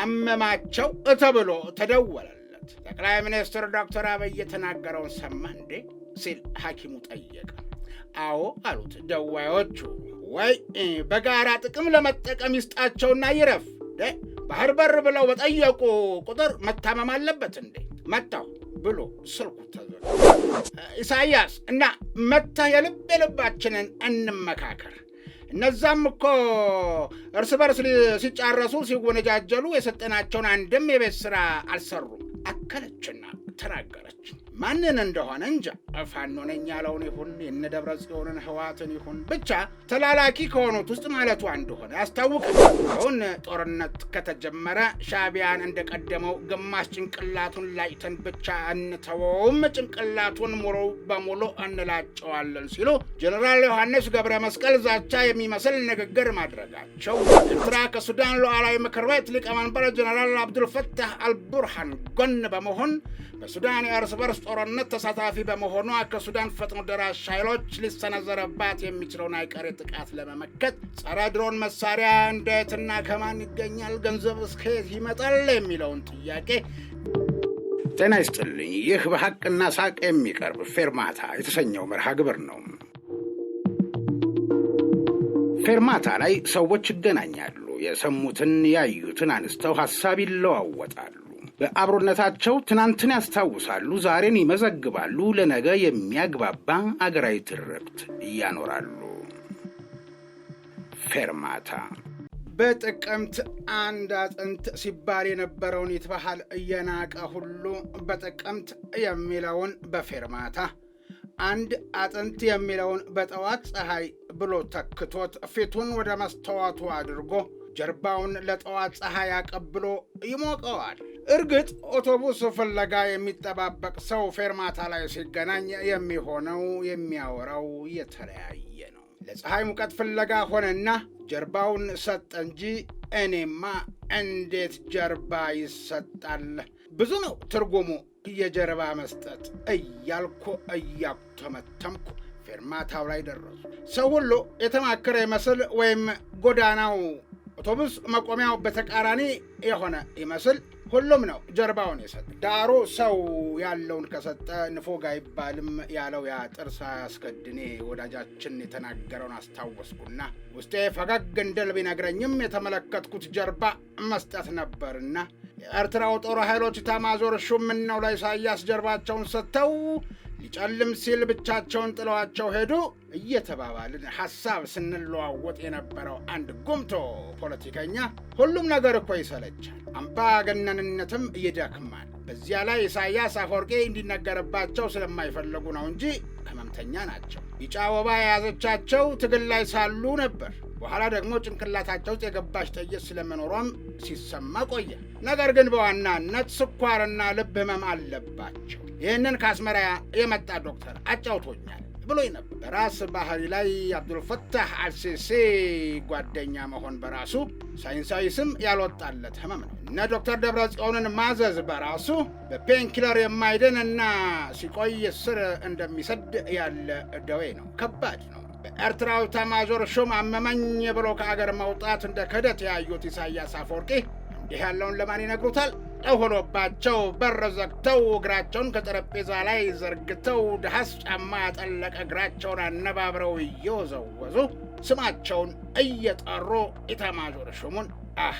አመማቸው ተብሎ ተደወለለት። ጠቅላይ ሚኒስትር ዶክተር አብይ የተናገረውን ሰማ እንዴ ሲል ሐኪሙ ጠየቀ። አዎ አሉት ደዋዮቹ። ወይ በጋራ ጥቅም ለመጠቀም ይስጣቸውና ይረፍ። ባህር በር ብለው በጠየቁ ቁጥር መታመም አለበት እንዴ? መታው ብሎ ስልኩ ተዘጋ። ኢሳያስ እና መታ የልብ የልባችንን እንመካከር እነዛም እኮ እርስ በርስ ሲጫረሱ ሲወነጃጀሉ የሰጠናቸውን አንድም የቤት ስራ አልሰሩም አከለችና ተናገረች። ማንን እንደሆነ እንጃ ፋኖ ነኝ ያለውን ይሁን የነ ደብረ ጽዮንን ህዋትን ይሁን ብቻ ተላላኪ ከሆኑት ውስጥ ማለቱ እንደሆነ ያስታውቃል። አሁን ጦርነት ከተጀመረ ሻቢያን እንደቀደመው ግማሽ ጭንቅላቱን ላጭተን ብቻ እንተወውም፣ ጭንቅላቱን ሙሉ በሙሉ እንላጨዋለን ሲሉ ጀኔራል ዮሐንስ ገብረ መስቀል ዛቻ የሚመስል ንግግር ማድረጋቸው ኤርትራ ከሱዳን ሉዓላዊ ምክር ቤት ሊቀመንበር ጀኔራል አብዱልፈታህ አልቡርሃን ጎን በመሆን በሱዳን የእርስ በርስ ጦርነት ተሳታፊ በመሆኗ ከሱዳን ፈጥኖ ደራሽ ኃይሎች ሊሰነዘረባት የሚችለውን አይቀሬ ጥቃት ለመመከት ጸረ ድሮን መሳሪያ እንዴትና ከማን ይገኛል፣ ገንዘብ እስከየት ይመጣል የሚለውን ጥያቄ ጤና ይስጥልኝ። ይህ በሐቅና ሳቅ የሚቀርብ ፌርማታ የተሰኘው መርሃ ግብር ነው። ፌርማታ ላይ ሰዎች ይገናኛሉ። የሰሙትን ያዩትን አንስተው ሐሳብ ይለዋወጣሉ። በአብሮነታቸው ትናንትን ያስታውሳሉ፣ ዛሬን ይመዘግባሉ፣ ለነገ የሚያግባባ አገራዊ ትርክት እያኖራሉ። ፌርማታ በጥቅምት አንድ አጥንት ሲባል የነበረውን ይትበሃል እየናቀ ሁሉ በጥቅምት የሚለውን በፌርማታ አንድ አጥንት የሚለውን በጠዋት ፀሐይ ብሎ ተክቶት ፊቱን ወደ መስተዋቱ አድርጎ ጀርባውን ለጠዋት ፀሐይ አቀብሎ ይሞቀዋል። እርግጥ አውቶቡስ ፍለጋ የሚጠባበቅ ሰው ፌርማታ ላይ ሲገናኝ የሚሆነው የሚያወራው የተለያየ ነው። ለፀሐይ ሙቀት ፍለጋ ሆነና ጀርባውን ሰጠ እንጂ እኔማ እንዴት ጀርባ ይሰጣል? ብዙ ነው ትርጉሙ የጀርባ መስጠት እያልኩ እያተመተምኩ ፌርማታው ላይ ደረሱ። ሰው ሁሉ የተማከረ ይመስል ወይም ጎዳናው አውቶቡስ መቆሚያው በተቃራኒ የሆነ ይመስል ሁሉም ነው ጀርባውን የሰጠ። ዳሩ ሰው ያለውን ከሰጠ ንፎግ አይባልም ያለው ያ ጥርስ አያስከድኔ ወዳጃችን የተናገረውን አስታወስኩና ውስጤ ፈገግ እንድል ቢነግረኝም የተመለከትኩት ጀርባ መስጠት ነበርና የኤርትራው ጦር ኃይሎች ኢታማዦር ሹም ምነው ለኢሳያስ ጀርባቸውን ሰጥተው ሊጨልም ሲል ብቻቸውን ጥለዋቸው ሄዱ እየተባባልን ሐሳብ ስንለዋወጥ የነበረው አንድ ጉምቶ ፖለቲከኛ ሁሉም ነገር እኮ ይሰለቻል፣ አምባገነንነትም ይደክማል፣ በዚያ ላይ ኢሳያስ አፈወርቄ እንዲነገርባቸው ስለማይፈልጉ ነው እንጂ ህመምተኛ ናቸው። ቢጫ ወባ የያዘቻቸው ትግል ላይ ሳሉ ነበር። በኋላ ደግሞ ጭንቅላታቸው ውስጥ የገባች ጥይት ስለመኖሯም ሲሰማ ቆየ። ነገር ግን በዋናነት ስኳርና ልብ ህመም አለባቸው። ይህንን ከአስመራ የመጣ ዶክተር አጫውቶኛል ብሎኝ ነበር። በራስ ባህሪ ላይ አብዱልፈታህ አልሲሴ ጓደኛ መሆን በራሱ ሳይንሳዊ ስም ያልወጣለት ህመም ነው። እነ ዶክተር ደብረ ጽዮንን ማዘዝ በራሱ በፔንኪለር የማይድን እና ሲቆይ ስር እንደሚሰድ ያለ ደዌ ነው። ከባድ ነው። በኤርትራዊ ኤታማዦር ሹም አመመኝ ብሎ ከአገር መውጣት እንደ ክህደት ያዩት ኢሳያስ አፈወርቂ እንዲህ ያለውን ለማን ይነግሩታል? ጨብጠው ሆኖባቸው በር ዘግተው እግራቸውን ከጠረጴዛ ላይ ዘርግተው ድሃስ ጫማ ያጠለቀ እግራቸውን አነባብረው እየወዘወዙ ስማቸውን እየጠሩ ኢታማዦር ሹሙን አህ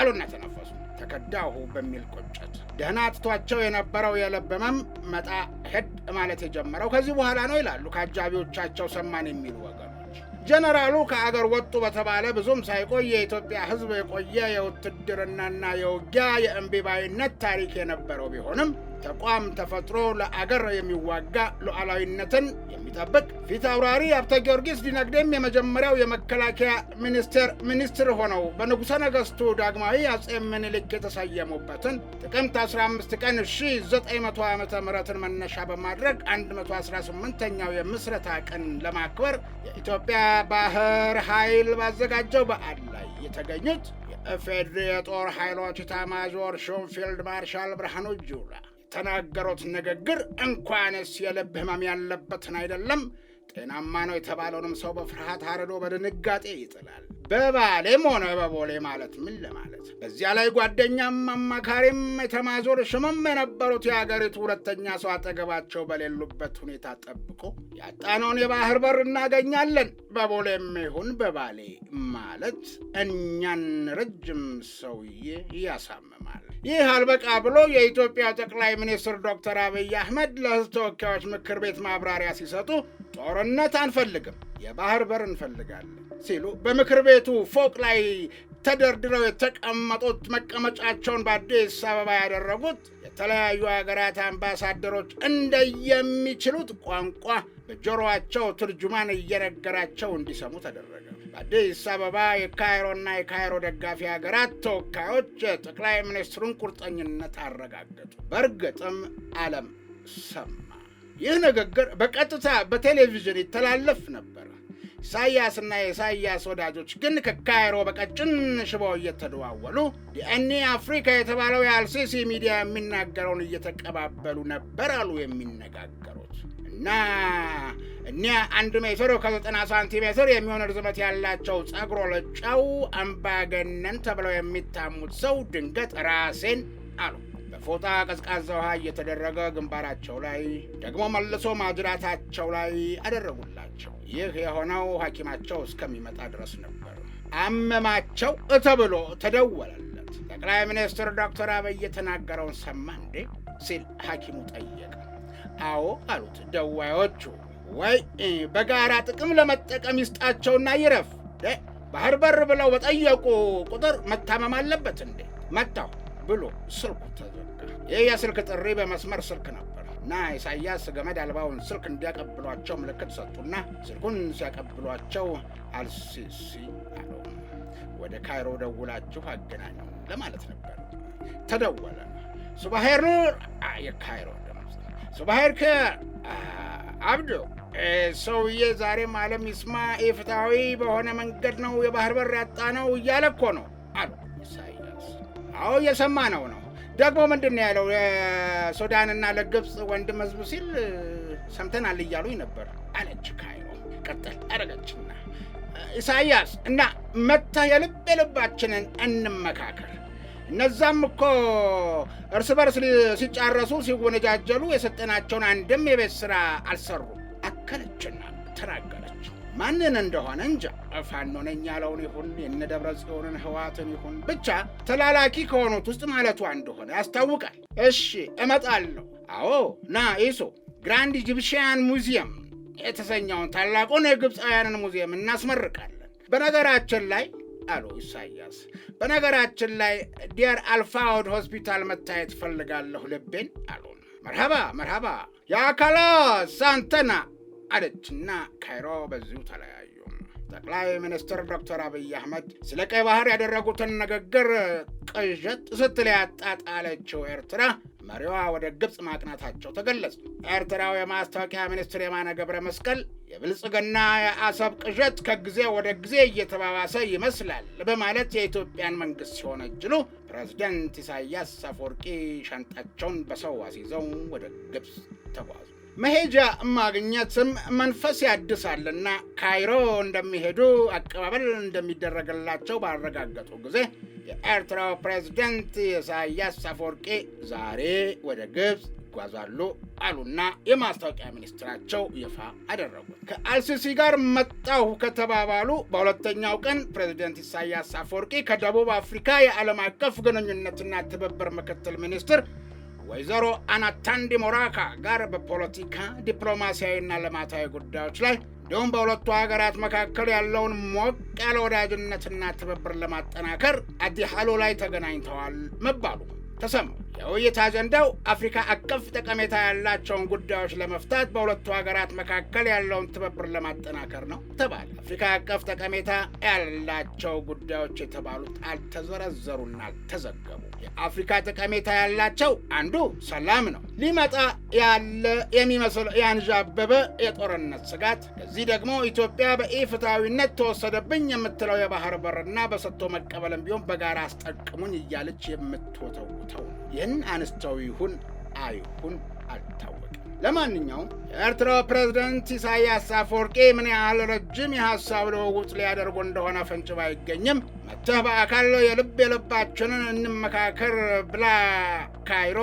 አሉና ተነፈሱ። ተከዳሁ በሚል ቁጭት ደህና ትቷቸው የነበረው የለበመም መጣ ሄድ ማለት የጀመረው ከዚህ በኋላ ነው ይላሉ ከአጃቢዎቻቸው ሰማን የሚሉ ወገኑ። ጀነራሉ ከአገር ወጡ በተባለ ብዙም ሳይቆይ የኢትዮጵያ ሕዝብ የቆየ የውትድርናና የውጊያ የእምቢባይነት ታሪክ የነበረው ቢሆንም ተቋም ተፈጥሮ ለአገር የሚዋጋ ሉዓላዊነትን የሚጠብቅ ፊት አውራሪ ሀብተ ጊዮርጊስ ዲነግዴም የመጀመሪያው የመከላከያ ሚኒስቴር ሚኒስትር ሆነው በንጉሠ ነገሥቱ ዳግማዊ አጼ ምኒልክ የተሰየሙበትን ጥቅምት 15 ቀን 1900 ዓ ምትን መነሻ በማድረግ 118ኛው የምስረታ ቀን ለማክበር የኢትዮጵያ ባህር ኃይል ባዘጋጀው በዓል ላይ የተገኙት የኢፌዴሪ የጦር ኃይሎች ኢታማዦር ሹም ፊልድ ማርሻል ብርሃኑ ጁላ የተናገሩት ንግግር እንኳንስ የልብ ህመም ያለበትን አይደለም ጤናማ ነው የተባለውንም ሰው በፍርሃት አርዶ በድንጋጤ ይጥላል። በባሌም ሆነ በቦሌ ማለት ምን ለማለት። በዚያ ላይ ጓደኛም አማካሪም የተማዞር ሽምም የነበሩት የአገሪቱ ሁለተኛ ሰው አጠገባቸው በሌሉበት ሁኔታ ጠብቆ ያጣነውን የባህር በር እናገኛለን፣ በቦሌም ይሁን በባሌ ማለት እኛን ረጅም ሰውዬ እያሳም ይሰማል። ይህ አልበቃ ብሎ የኢትዮጵያ ጠቅላይ ሚኒስትር ዶክተር አብይ አህመድ ለህዝብ ተወካዮች ምክር ቤት ማብራሪያ ሲሰጡ ጦርነት አንፈልግም፣ የባህር በር እንፈልጋለን ሲሉ በምክር ቤቱ ፎቅ ላይ ተደርድረው የተቀመጡት መቀመጫቸውን በአዲስ አበባ ያደረጉት የተለያዩ ሀገራት አምባሳደሮች እንደየሚችሉት ቋንቋ በጆሮአቸው ትርጅማን እየነገራቸው እንዲሰሙ ተደረገ። በአዲስ አበባ የካይሮና የካይሮ ደጋፊ ሀገራት ተወካዮች የጠቅላይ ሚኒስትሩን ቁርጠኝነት አረጋገጡ። በእርግጥም ዓለም ሰማ። ይህ ንግግር በቀጥታ በቴሌቪዥን ይተላለፍ ነበር። ኢሳያስና የኢሳያስ ወዳጆች ግን ከካይሮ በቀጭን ሽበው እየተደዋወሉ ዲኤኒ አፍሪካ የተባለው የአልሲሲ ሚዲያ የሚናገረውን እየተቀባበሉ ነበር አሉ የሚነጋገሩት እና እኒያ አንድ ሜትር ከዘጠና ሳንቲሜትር የሚሆን ርዝመት ያላቸው ጸጉሮ ልጫው አምባገነን ተብለው የሚታሙት ሰው ድንገት ራሴን አሉ በፎጣ ቀዝቃዛ ውሃ እየተደረገ ግንባራቸው ላይ ደግሞ መልሶ ማጅራታቸው ላይ አደረጉላቸው። ይህ የሆነው ሐኪማቸው እስከሚመጣ ድረስ ነበር። አመማቸው ብሎ ተደወለለት። ጠቅላይ ሚኒስትር ዶክተር አብይ የተናገረውን ሰማ እንዴ ሲል ሐኪሙ ጠየቀ። አዎ አሉት ደዋዮቹ። ወይ በጋራ ጥቅም ለመጠቀም ይስጣቸውና ይረፍ። ባህር በር ብለው በጠየቁ ቁጥር መታመም አለበት እንዴ? መጣሁ ብሎ ስልኩ ተዘጋ። ይህ የስልክ ጥሪ በመስመር ስልክ ነበር እና ኢሳያስ ገመድ አልባውን ስልክ እንዲያቀብሏቸው ምልክት ሰጡና ስልኩን ሲያቀብሏቸው አልሲሲ አለው ወደ ካይሮ ደውላችሁ አገናኘው ለማለት ነበር። ተደወለ። ሱባሄር ኑር፣ የካይሮ ሱባሄር ከ አብዶ ሰውዬ ዛሬም ዓለም ይስማ ኢፍትሐዊ በሆነ መንገድ ነው የባህር በር ያጣ ነው እያለ እኮ ነው አሉ ኢሳይ አዎ የሰማ ነው ነው ደግሞ ምንድን ነው ያለው? ለሱዳንና ለግብፅ ወንድም ህዝብ ሲል ሰምተናል እያሉኝ ነበር አለች ካይሮ። ቀጠል አረገችና ኢሳያስ እና መታ የልብ የልባችንን እንመካከር። እነዛም እኮ እርስ በርስ ሲጫረሱ ሲወነጃጀሉ የሰጠናቸውን አንድም የቤት ስራ አልሰሩ አከለችና ተናገረች። ማንን እንደሆነ እንጃ ፋኖ ነኝ ያለውን ይሁን የነ ደብረ ጽዮንን ህዋትን ይሁን ብቻ ተላላኪ ከሆኑት ውስጥ ማለቷ እንደሆነ ያስታውቃል። እሺ እመጣለሁ። አዎ ና ኢሶ ግራንድ ኢጂፕሽያን ሙዚየም የተሰኘውን ታላቁን የግብፃውያንን ሙዚየም እናስመርቃለን። በነገራችን ላይ አሉ ኢሳያስ፣ በነገራችን ላይ ዲያር አልፋውድ ሆስፒታል መታየት ፈልጋለሁ ልቤን አሉ። መርሃባ መርሃባ የአካላ ሳንተና አለችና ካይሮ በዚሁ ተለያዩ። ጠቅላይ ሚኒስትር ዶክተር አብይ አህመድ ስለ ቀይ ባህር ያደረጉትን ንግግር ቅዠት ስትል ያጣጣለችው ኤርትራ መሪዋ ወደ ግብፅ ማቅናታቸው ተገለጸ። ኤርትራው የማስታወቂያ ሚኒስትር የማነ ገብረ መስቀል የብልጽግና የአሰብ ቅዠት ከጊዜ ወደ ጊዜ እየተባባሰ ይመስላል በማለት የኢትዮጵያን መንግሥት ሲሆነጅሉ፣ ፕሬዝደንት ኢሳያስ አፈወርቂ ሻንጣቸውን በሰው አስይዘው ወደ ግብፅ ተጓዙ። መሄጃ ማግኘትም መንፈስ ያድሳልና ካይሮ እንደሚሄዱ አቀባበል እንደሚደረግላቸው ባረጋገጡ ጊዜ የኤርትራው ፕሬዝደንት ኢሳያስ አፈወርቂ ዛሬ ወደ ግብፅ ይጓዛሉ አሉና የማስታወቂያ ሚኒስትራቸው ይፋ አደረጉ። ከአልሲሲ ጋር መጣሁ ከተባባሉ በሁለተኛው ቀን ፕሬዚደንት ኢሳያስ አፈወርቂ ከደቡብ አፍሪካ የዓለም አቀፍ ግንኙነትና ትብብር ምክትል ሚኒስትር ወይዘሮ አናታንዲ ሞራካ ጋር በፖለቲካ ዲፕሎማሲያዊና ልማታዊ ጉዳዮች ላይ እንዲሁም በሁለቱ ሀገራት መካከል ያለውን ሞቅ ያለ ወዳጅነትና ትብብር ለማጠናከር አዲ ላይ ተገናኝተዋል መባሉ ተሰማ። የውይይት አጀንዳው አፍሪካ አቀፍ ጠቀሜታ ያላቸውን ጉዳዮች ለመፍታት በሁለቱ ሀገራት መካከል ያለውን ትብብር ለማጠናከር ነው ተባለ። አፍሪካ አቀፍ ጠቀሜታ ያላቸው ጉዳዮች የተባሉት አልተዘረዘሩና አልተዘገቡ። የአፍሪካ ጠቀሜታ ያላቸው አንዱ ሰላም ነው። ሊመጣ ያለ የሚመስል ያንዣበበ የጦርነት ስጋት፣ ከዚህ ደግሞ ኢትዮጵያ በኢፍትሐዊነት ተወሰደብኝ የምትለው የባህር በርና በሰጥቶ መቀበልም ቢሆን በጋራ አስጠቅሙኝ እያለች የምትወተው ይህን አነስተው ይሁን አይሁን አልታወቅም። ለማንኛውም የኤርትራው ፕሬዝደንት ኢሳያስ አፈወርቂ ምን ያህል ረጅም የሐሳብ ልውውጥ ሊያደርጉ እንደሆነ ፍንጭ ባይገኝም መተህ በአካል የልብ የልባችንን እንመካከር ብላ ካይሮ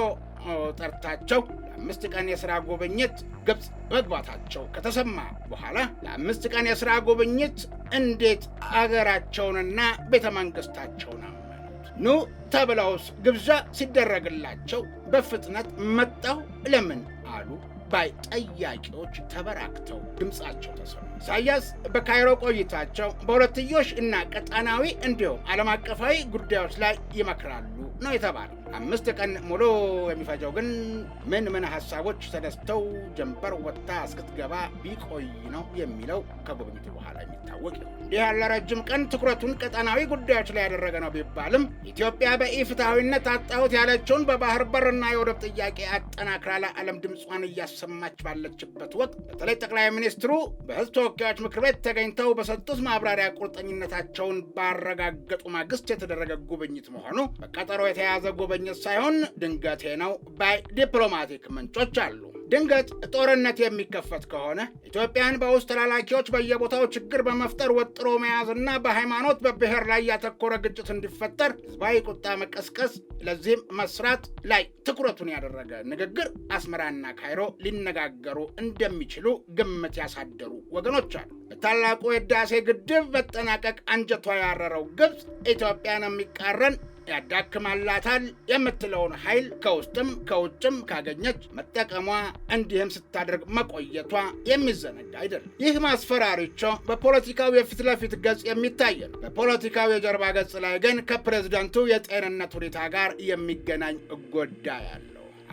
ጠርታቸው ለአምስት ቀን የሥራ ጉብኝት ግብፅ መግባታቸው ከተሰማ በኋላ ለአምስት ቀን የሥራ ጉብኝት እንዴት አገራቸውንና ቤተ መንግሥታቸውን ኑ ተብለውስ ግብዣ ሲደረግላቸው በፍጥነት መጣሁ ለምን አሉ ባይ ጠያቂዎች ተበራክተው ድምፃቸው ተሰማ። ኢሳያስ በካይሮ ቆይታቸው በሁለትዮሽ እና ቀጣናዊ እንዲሁም ዓለም አቀፋዊ ጉዳዮች ላይ ይመክራሉ ነው የተባለው። አምስት ቀን ሙሉ የሚፈጀው ግን ምን ምን ሀሳቦች ተነስተው ጀንበር ወጥታ እስክትገባ ቢቆይ ነው የሚለው ከጉብኝቱ በኋላ የሚታወቅ ነው። እንዲህ ያለ ረጅም ቀን ትኩረቱን ቀጠናዊ ጉዳዮች ላይ ያደረገ ነው ቢባልም ኢትዮጵያ በኢፍትሐዊነት አጣሁት ያለችውን በባህር በርና የወደብ ጥያቄ አጠናክራ ለዓለም ድምጿን እያሰማች ባለችበት ወቅት በተለይ ጠቅላይ ሚኒስትሩ በሕዝብ ተወካዮች ምክር ቤት ተገኝተው በሰጡት ማብራሪያ ቁርጠኝነታቸውን ባረጋገጡ ማግስት የተደረገ ጉብኝት መሆኑ በቀጠሮ የተያዘ ጉበ መጎብኘት ሳይሆን ድንገቴ ነው ባይ ዲፕሎማቲክ ምንጮች አሉ። ድንገት ጦርነት የሚከፈት ከሆነ ኢትዮጵያን በውስጥ ተላላኪዎች በየቦታው ችግር በመፍጠር ወጥሮ መያዝና በሃይማኖት በብሔር ላይ ያተኮረ ግጭት እንዲፈጠር ህዝባዊ ቁጣ መቀስቀስ፣ ለዚህም መስራት ላይ ትኩረቱን ያደረገ ንግግር አስመራና ካይሮ ሊነጋገሩ እንደሚችሉ ግምት ያሳደሩ ወገኖች አሉ። በታላቁ የህዳሴ ግድብ መጠናቀቅ አንጀቷ ያረረው ግብፅ ኢትዮጵያን የሚቃረን ያዳክማላታል የምትለውን ኃይል ከውስጥም ከውጭም ካገኘች መጠቀሟ እንዲህም ስታደርግ መቆየቷ የሚዘነጋ አይደለም። ይህ ማስፈራሪቾ በፖለቲካው የፊት ለፊት ገጽ የሚታይ ነው። በፖለቲካው የጀርባ ገጽ ላይ ግን ከፕሬዝደንቱ የጤንነት ሁኔታ ጋር የሚገናኝ ጎዳ ያለ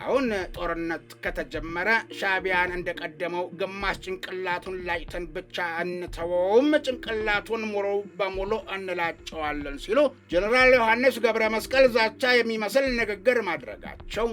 አሁን ጦርነት ከተጀመረ ሻቢያን እንደቀደመው ግማሽ ጭንቅላቱን ላጭተን ብቻ እንተወውም፣ ጭንቅላቱን ሙሉ በሙሉ እንላጨዋለን ሲሉ ጀኔራል ዮሐንስ ገብረ መስቀል ዛቻ የሚመስል ንግግር ማድረጋቸው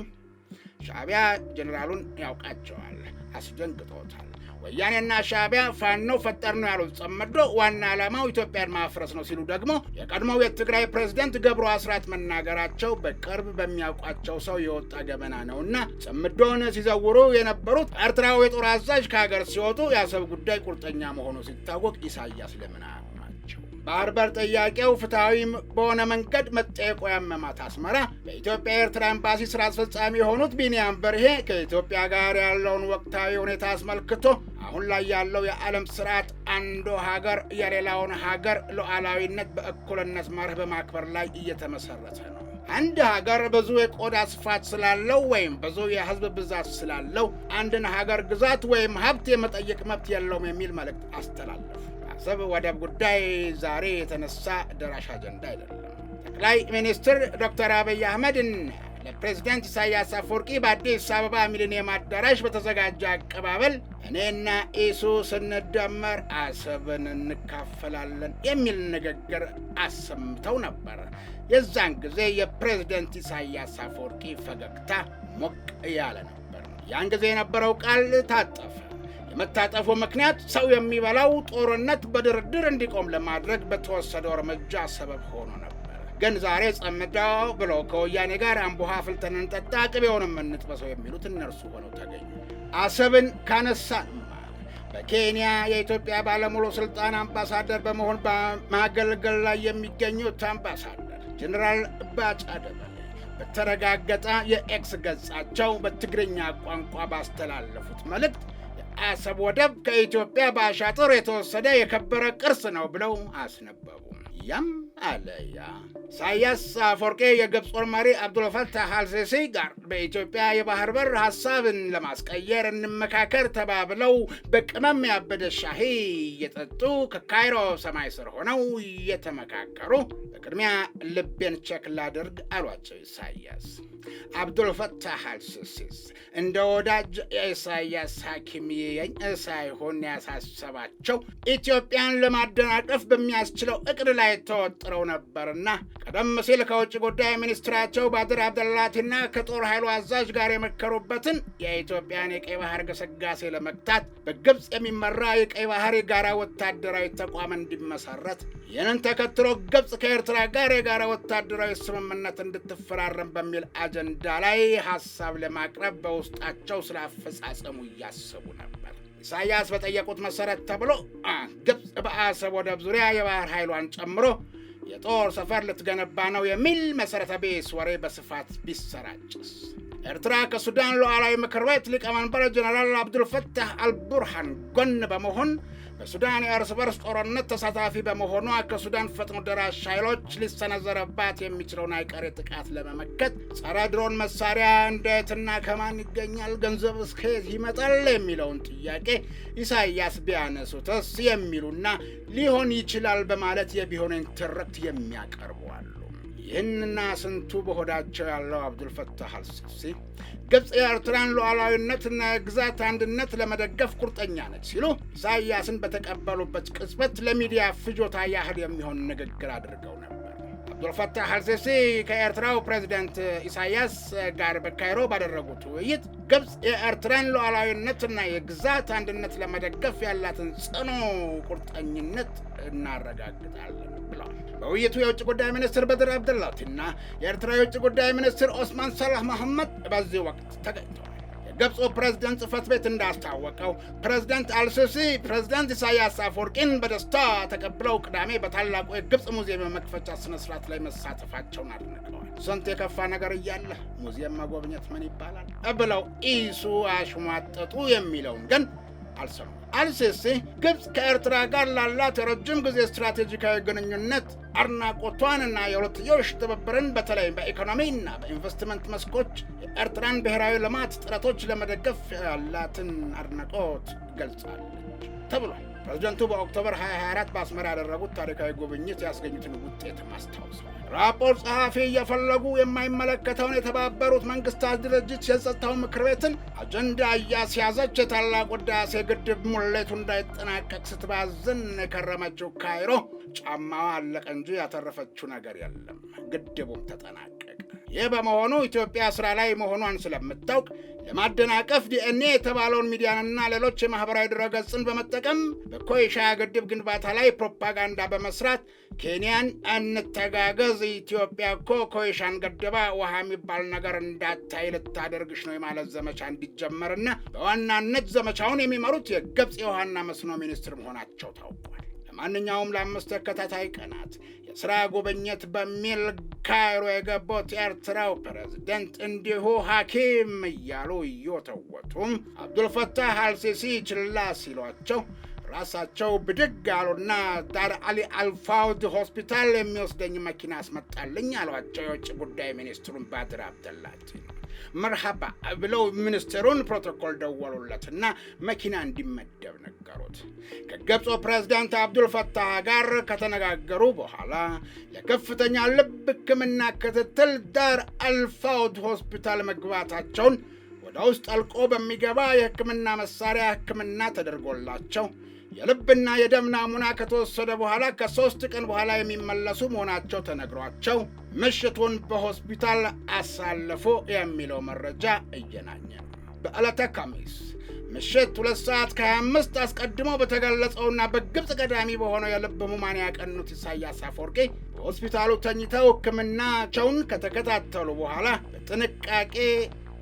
ሻቢያ ጀኔራሉን ያውቃቸዋል፣ አስደንግጦታል። ወያኔና ሻቢያ ፋኖ ፈጠር ነው ያሉት ጸምዶ ዋና ዓላማው ኢትዮጵያን ማፍረስ ነው ሲሉ ደግሞ የቀድሞው የትግራይ ፕሬዝደንት ገብሩ አስራት መናገራቸው በቅርብ በሚያውቋቸው ሰው የወጣ ገበና ነውና ጽምዶን ሲዘውሩ የነበሩት ኤርትራዊ የጦር አዛዥ ከሀገር ሲወጡ የአሰብ ጉዳይ ቁርጠኛ መሆኑ ሲታወቅ ኢሳያስ ለምናል ባርበር ጥያቄው ፍትሐዊ በሆነ መንገድ መጠየቁ ያመማት አስመራ በኢትዮጵያ የኤርትራ ኤምባሲ ስራ አስፈጻሚ የሆኑት ቢንያም በርሄ ከኢትዮጵያ ጋር ያለውን ወቅታዊ ሁኔታ አስመልክቶ አሁን ላይ ያለው የዓለም ስርዓት አንዱ ሀገር የሌላውን ሀገር ሉዓላዊነት በእኩልነት መርህ በማክበር ላይ እየተመሰረተ ነው። አንድ ሀገር ብዙ የቆዳ ስፋት ስላለው ወይም ብዙ የህዝብ ብዛት ስላለው አንድን ሀገር ግዛት ወይም ሀብት የመጠየቅ መብት የለውም የሚል መልእክት አስተላለፉ። ገንዘብ ወደብ ጉዳይ ዛሬ የተነሳ ደራሽ አጀንዳ አይደለም። ጠቅላይ ሚኒስትር ዶክተር አብይ አህመድን ለፕሬዚደንት ኢሳያስ አፈወርቂ በአዲስ አበባ ሚሊኒየም አዳራሽ በተዘጋጀ አቀባበል እኔና ኢሱ ስንደመር አሰብን እንካፈላለን የሚል ንግግር አሰምተው ነበር። የዛን ጊዜ የፕሬዚደንት ኢሳያስ አፈወርቂ ፈገግታ ሞቅ ያለ ነበር። ያን ጊዜ የነበረው ቃል ታጠፈ። የመታጠፉ ምክንያት ሰው የሚበላው ጦርነት በድርድር እንዲቆም ለማድረግ በተወሰደው እርምጃ ሰበብ ሆኖ ነበር። ግን ዛሬ ጸምዳው ብለው ከወያኔ ጋር አምቦሃ ፍልተንን ጠጣ ቅቤውንም እንጥበሰው የሚሉት እነርሱ ሆነው ተገኙ። አሰብን ካነሳን በኬንያ የኢትዮጵያ ባለሙሉ ስልጣን አምባሳደር በመሆን በማገልገል ላይ የሚገኙት አምባሳደር ጀኔራል ባጫ ደበሌ በተረጋገጠ የኤክስ ገጻቸው በትግርኛ ቋንቋ ባስተላለፉት መልእክት አሰብ ወደብ ከኢትዮጵያ በአሻጥር የተወሰደ የከበረ ቅርስ ነው ብለው አስነበቡ። ያም አለያ ኢሳያስ አፈወርቄ ጦር መሪ አብዱልፈታህ አልሲሲ ጋር በኢትዮጵያ የባህር በር ሀሳብን ለማስቀየር እንመካከር ተባብለው በቅመም ያበደ ሻሂ እየጠጡ ከካይሮ ሰማይ ስር ሆነው እየተመካከሩ በቅድሚያ ልቤን ቸክ ላድርግ አሏቸው ኢሳያስ። አብዱልፈታህ አልሲሲስ እንደ ወዳጅ የኢሳያስ ሐኪም ይየኝ ሳይሆን ያሳሰባቸው ኢትዮጵያን ለማደናቀፍ በሚያስችለው እቅድ ላይ ተወጥረው ነበርና ቀደም ሲል ከውጭ ጉዳይ ሚኒስትራቸው ባድር አብደላቲና ከጦር ኃይሉ አዛዥ ጋር የመከሩበትን የኢትዮጵያን የቀይ ባህር ግስጋሴ ለመግታት በግብፅ የሚመራ የቀይ ባህር የጋራ ወታደራዊ ተቋም እንዲመሰረት ይህንን ተከትሎ ግብፅ ከኤርትራ ጋር የጋራ ወታደራዊ ስምምነት እንድትፈራረም በሚል አጀንዳ ላይ ሀሳብ ለማቅረብ በውስጣቸው ስለ አፈጻጸሙ እያሰቡ ነው። ነበር። ኢሳያስ በጠየቁት መሰረት ተብሎ ግብፅ በአሰብ ወደብ ዙሪያ የባህር ኃይሏን ጨምሮ የጦር ሰፈር ልትገነባ ነው የሚል መሠረተ ቢስ ወሬ በስፋት ቢሰራጭስ? ኤርትራ ከሱዳን ሉዓላዊ ምክር ቤት ሊቀመንበር ጀነራል አብዱልፈታህ አልቡርሃን ጎን በመሆን በሱዳን የእርስ በርስ ጦርነት ተሳታፊ በመሆኗ ከሱዳን ፈጥኖ ደራሽ ኃይሎች ሊሰነዘረባት የሚችለውን አይቀሬ ጥቃት ለመመከት ጸረ ድሮን መሳሪያ እንዴትና ከማን ይገኛል፣ ገንዘብ እስከየት ይመጣል የሚለውን ጥያቄ ኢሳያስ ቢያነሱትስ የሚሉና ሊሆን ይችላል በማለት የቢሆነን ትርክት የሚያቀርቧሉ። ይህንና ስንቱ በሆዳቸው ያለው አብዱልፈታህ አልሲሲ ግብፅ የኤርትራን ሉዓላዊነትና የግዛት አንድነት ለመደገፍ ቁርጠኛ ነች ሲሉ ኢሳያስን በተቀበሉበት ቅጽበት ለሚዲያ ፍጆታ ያህል የሚሆን ንግግር አድርገው ነበር። ዙልፈታህ አልሲሲ ከኤርትራው ፕሬዚደንት ኢሳያስ ጋር በካይሮ ባደረጉት ውይይት ግብፅ የኤርትራን ሉዓላዊነትና የግዛት አንድነት ለመደገፍ ያላትን ጽኑ ቁርጠኝነት እናረጋግጣለን ብለዋል። በውይይቱ የውጭ ጉዳይ ሚኒስትር በድር አብደላቲና የኤርትራ የውጭ ጉዳይ ሚኒስትር ኦስማን ሰላህ መሐመድ በዚህ ወቅት ተገኝተዋል። የግብፁ ፕሬዝደንት ጽህፈት ቤት እንዳስታወቀው ፕሬዝደንት አልሲሲ ፕሬዝደንት ኢሳያስ አፈወርቂን በደስታ ተቀብለው ቅዳሜ በታላቁ የግብፅ ሙዚየም የመክፈቻ ስነስርዓት ላይ መሳተፋቸውን አድንቀዋል። ስንት የከፋ ነገር እያለ ሙዚየም መጎብኘት ምን ይባላል ብለው ኢሱ አሽሟጠጡ የሚለውን ግን አልሰሙ። አልሲሲ ግብፅ ከኤርትራ ጋር ላላት የረጅም ጊዜ ስትራቴጂካዊ ግንኙነት አድናቆቷንና የሁለትዮሽ ትብብርን በተለይ በኢኮኖሚና በኢንቨስትመንት መስኮች ኤርትራን ብሔራዊ ልማት ጥረቶች ለመደገፍ ያላትን አድናቆት ገልጻለች ተብሏል። ፕሬዚደንቱ በኦክቶበር 2024 በአስመራ ያደረጉት ታሪካዊ ጉብኝት ያስገኙትን ውጤት አስታውሰዋል። ራፖርት ጸሐፊ እየፈለጉ የማይመለከተውን የተባበሩት መንግስታት ድርጅት የጸጥታው ምክር ቤትን አጀንዳ እያስያዘች የታላቁ ሕዳሴ ግድብ ሙሌቱ እንዳይጠናቀቅ ስትባዝን የከረመችው ካይሮ ጫማዋ አለቀ እንጂ ያተረፈችው ነገር የለም። ግድቡም ተጠናቀቀ። ይህ በመሆኑ ኢትዮጵያ ስራ ላይ መሆኗን ስለምታውቅ ለማደናቀፍ ዲኤንኤ የተባለውን ሚዲያንና ሌሎች የማኅበራዊ ድረገጽን በመጠቀም በኮይሻ ግድብ ግንባታ ላይ ፕሮፓጋንዳ በመስራት ኬንያን እንተጋገዝ፣ ኢትዮጵያ እኮ ኮይሻን ገድባ ውሃ የሚባል ነገር እንዳታይ ልታደርግሽ ነው የማለት ዘመቻ እንዲጀመርና በዋናነት ዘመቻውን የሚመሩት የግብፅ የውሃና መስኖ ሚኒስትር መሆናቸው ታውቋል። ለማንኛውም ለአምስት ተከታታይ ቀናት የሥራ ጉብኝት በሚል ካይሮ የገቡት ኤርትራው ፕሬዝደንት እንዲሁ ሐኪም እያሉ እየተወጡም አብዱልፈታህ አልሲሲ ችላ ሲሏቸው ራሳቸው ብድግ አሉና ዳር አሊ አልፋውድ ሆስፒታል የሚወስደኝ መኪና አስመጣልኝ አሏቸው። የውጭ ጉዳይ ሚኒስትሩን ባድር አብደላቲ መርሃባ ብለው ሚኒስትሩን ፕሮቶኮል ደወሉለትና መኪና እንዲመደብ ነገሩት። ከግብፁ ፕሬዝዳንት አብዱልፈታህ ጋር ከተነጋገሩ በኋላ ለከፍተኛ ልብ ሕክምና ክትትል ዳር አልፋውድ ሆስፒታል መግባታቸውን ወደ ውስጥ አልቆ በሚገባ የሕክምና መሳሪያ ሕክምና ተደርጎላቸው የልብና የደም ናሙና ከተወሰደ በኋላ ከሦስት ቀን በኋላ የሚመለሱ መሆናቸው ተነግሯቸው ምሽቱን በሆስፒታል አሳልፎ የሚለው መረጃ እየናኘ ነው። በዕለተ ኸሚስ ምሽት ሁለት ሰዓት ከ25 አስቀድሞ በተገለጸውና በግብፅ ቀዳሚ በሆነው የልብ ሕሙማን ያቀኑት ኢሳያስ አፈወርቂ በሆስፒታሉ ተኝተው ሕክምናቸውን ከተከታተሉ በኋላ በጥንቃቄ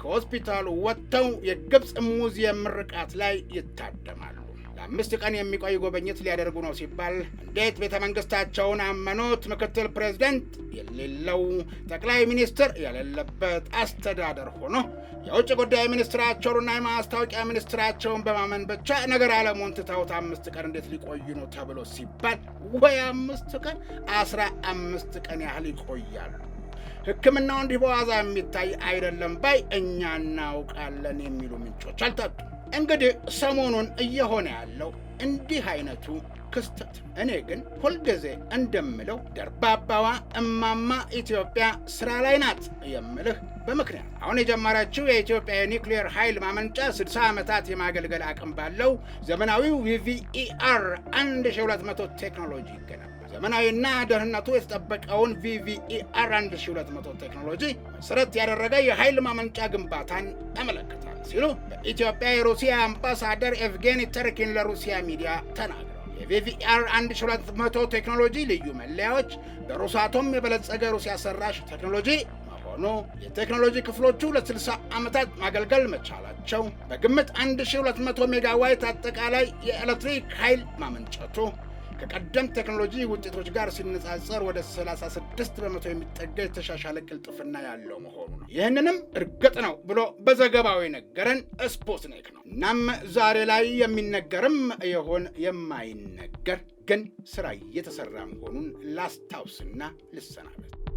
ከሆስፒታሉ ወጥተው የግብፅ ሙዚየም ምርቃት ላይ ይታደማሉ። አምስት ቀን የሚቆይ ጉብኝት ሊያደርጉ ነው ሲባል እንዴት ቤተ መንግስታቸውን አመኑት? ምክትል ፕሬዚደንት የሌለው ጠቅላይ ሚኒስትር የሌለበት አስተዳደር ሆኖ የውጭ ጉዳይ ሚኒስትራቸውንና የማስታወቂያ ሚኒስትራቸውን በማመን ብቻ ነገር አለሙን ትተውት አምስት ቀን እንዴት ሊቆዩ ነው ተብሎ ሲባል ወይ አምስት ቀን አስራ አምስት ቀን ያህል ይቆያሉ። ሕክምናው እንዲህ በዋዛ የሚታይ አይደለም ባይ እኛ እናውቃለን የሚሉ ምንጮች አልታጡም። እንግዲህ ሰሞኑን እየሆነ ያለው እንዲህ አይነቱ ክስተት እኔ ግን ሁልጊዜ እንደምለው ደርባባዋ እማማ ኢትዮጵያ ስራ ላይ ናት የምልህ በምክንያት አሁን የጀመረችው የኢትዮጵያ የኒውክሌር ኃይል ማመንጫ 60 ዓመታት የማገልገል አቅም ባለው ዘመናዊው ቪቪኢአር 1200 ቴክኖሎጂ ይገናል። ዘመናዊና ደህንነቱ የተጠበቀውን ቪቪኢአር 1200 ቴክኖሎጂ መሰረት ያደረገ የኃይል ማመንጫ ግንባታን ያመለክታል ሲሉ በኢትዮጵያ የሩሲያ አምባሳደር ኤቭጌኒ ተርኪን ለሩሲያ ሚዲያ ተናግረዋል። የቪቪአር 1200 ቴክኖሎጂ ልዩ መለያዎች በሩሳቶም የበለጸገ ሩሲያ ሰራሽ ቴክኖሎጂ ሆኖ የቴክኖሎጂ ክፍሎቹ ለ60 ዓመታት ማገልገል መቻላቸው፣ በግምት 1200 ሜጋዋይት አጠቃላይ የኤሌክትሪክ ኃይል ማመንጨቱ ከቀደም ቴክኖሎጂ ውጤቶች ጋር ሲነጻጸር ወደ 36 በመቶ የሚጠጋ የተሻሻለ ቅልጥፍና ያለው መሆኑ ነው። ይህንንም እርግጥ ነው ብሎ በዘገባው የነገረን ስፖትኒክ ነው። እናም ዛሬ ላይ የሚነገርም ይሁን የማይነገር ግን ስራ እየተሰራ መሆኑን ላስታውስና ልሰናበት።